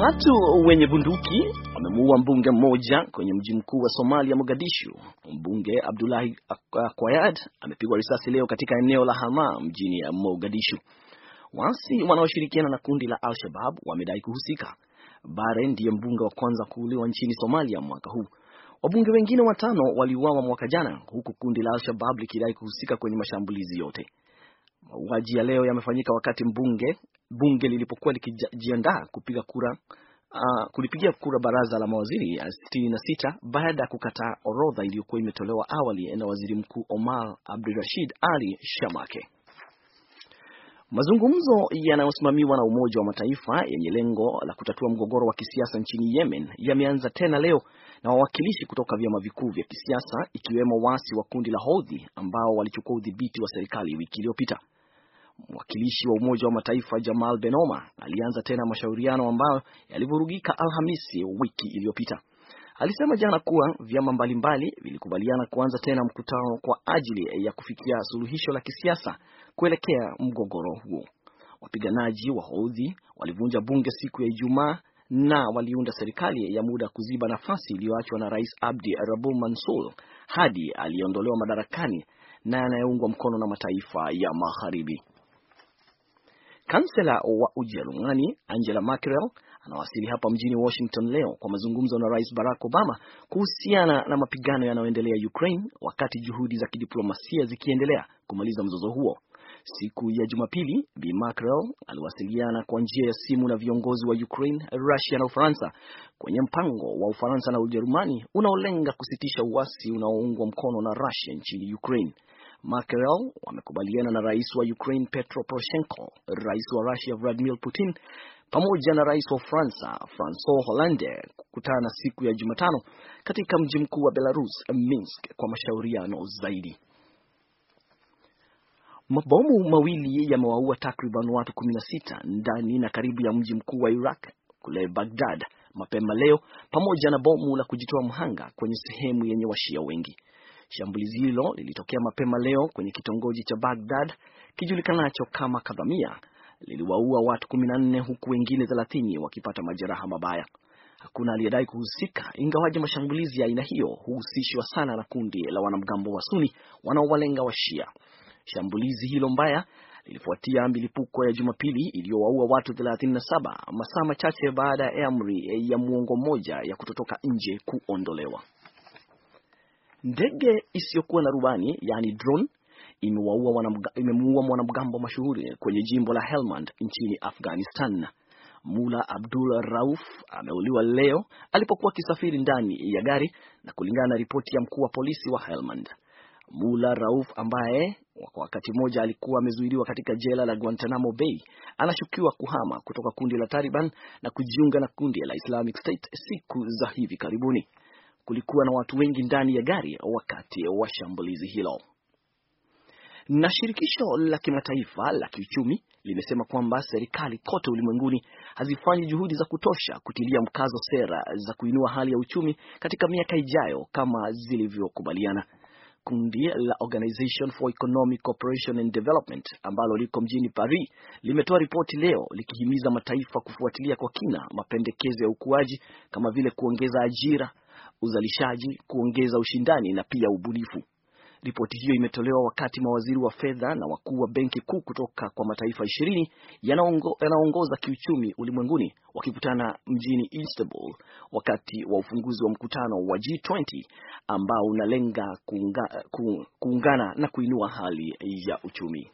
Watu wenye bunduki wamemuua mbunge mmoja kwenye mji mkuu wa Somalia, Mogadishu. Mbunge Abdullahi Kwayad amepigwa risasi leo katika eneo la Hama mjini ya Mogadishu. Waasi wanaoshirikiana na kundi la Al-Shabab wamedai kuhusika. Bare ndiye mbunge wa kwanza kuuliwa nchini Somalia mwaka huu. Wabunge wengine watano waliuawa mwaka jana, huku kundi la Al-Shabab likidai kuhusika kwenye mashambulizi yote. Mauaji ya leo yamefanyika wakati mbunge bunge lilipokuwa likijiandaa kupiga kura uh, kulipigia kura baraza la mawaziri sita baada ya kukataa orodha iliyokuwa imetolewa awali na waziri mkuu Omar Abdurashid Ali Shamake. Mazungumzo yanayosimamiwa na Umoja wa Mataifa yenye lengo la kutatua mgogoro wa kisiasa nchini Yemen yameanza tena leo na wawakilishi kutoka vyama vikuu vya kisiasa ikiwemo waasi wa kundi la Houthi ambao walichukua udhibiti wa serikali wiki iliyopita mwakilishi wa Umoja wa Mataifa Jamal benoma alianza tena mashauriano ambayo yalivurugika Alhamisi wiki iliyopita. Alisema jana kuwa vyama mbalimbali vilikubaliana kuanza tena mkutano kwa ajili ya kufikia suluhisho la kisiasa kuelekea mgogoro huo. Wapiganaji wa Houthi walivunja bunge siku ya Ijumaa na waliunda serikali ya muda kuziba nafasi iliyoachwa na Rais Abdi Rabu Mansur hadi aliyeondolewa madarakani na yanayoungwa mkono na mataifa ya Magharibi. Kansela wa Ujerumani Angela Merkel anawasili hapa mjini Washington leo kwa mazungumzo na Rais Barack Obama kuhusiana na mapigano yanayoendelea Ukraine, wakati juhudi za kidiplomasia zikiendelea kumaliza mzozo huo. Siku ya Jumapili, Bi Merkel aliwasiliana kwa njia ya simu na viongozi wa Ukraine, Russia na Ufaransa kwenye mpango wa Ufaransa na Ujerumani unaolenga kusitisha uasi unaoungwa mkono na Russia nchini Ukraine. Merkel wamekubaliana na rais wa Ukraine Petro Poroshenko, rais wa Russia Vladimir Putin pamoja na rais wa Ufaransa Francois Hollande kukutana siku ya Jumatano katika mji mkuu wa Belarus, Minsk, kwa mashauriano zaidi. Mabomu mawili yamewaua takriban watu 16 ndani na karibu ya mji mkuu wa Iraq kule Baghdad mapema leo, pamoja na bomu la kujitoa mhanga kwenye sehemu yenye washia wengi. Shambulizi hilo lilitokea mapema leo kwenye kitongoji cha Baghdad kijulikanacho kama Kadhamia, liliwaua watu 14 huku wengine 30 wakipata majeraha mabaya. Hakuna aliyedai kuhusika, ingawaje mashambulizi ya aina hiyo huhusishwa sana na kundi la wanamgambo wa Suni wanaowalenga wa Shia. Shambulizi hilo mbaya lilifuatia milipuko ya Jumapili iliyowaua watu 37 masaa machache baada ya amri ya muongo mmoja ya kutotoka nje kuondolewa. Ndege isiyokuwa na rubani yaani drone imemuua mwanamgambo mashuhuri kwenye jimbo la Helmand nchini Afghanistan. Mula Abdul Rauf ameuliwa leo alipokuwa akisafiri ndani ya gari, na kulingana na ripoti ya mkuu wa polisi wa Helmand, Mula Rauf ambaye kwa wakati mmoja alikuwa amezuiliwa katika jela la Guantanamo Bay anashukiwa kuhama kutoka kundi la Taliban na kujiunga na kundi la Islamic State siku za hivi karibuni kulikuwa na watu wengi ndani ya gari wakati wa shambulizi hilo. Na shirikisho la kimataifa la kiuchumi limesema kwamba serikali kote ulimwenguni hazifanyi juhudi za kutosha kutilia mkazo sera za kuinua hali ya uchumi katika miaka ijayo kama zilivyokubaliana. Kundi la Organization for Economic Cooperation and Development ambalo liko mjini Paris limetoa ripoti leo likihimiza mataifa kufuatilia kwa kina mapendekezo ya ukuaji kama vile kuongeza ajira uzalishaji, kuongeza ushindani na pia ubunifu. Ripoti hiyo imetolewa wakati mawaziri wa fedha na wakuu wa benki kuu kutoka kwa mataifa ishirini yanaongoza kiuchumi ulimwenguni wakikutana mjini Istanbul wakati wa ufunguzi wa mkutano wa G20 ambao unalenga kuunga, kuungana na kuinua hali ya uchumi.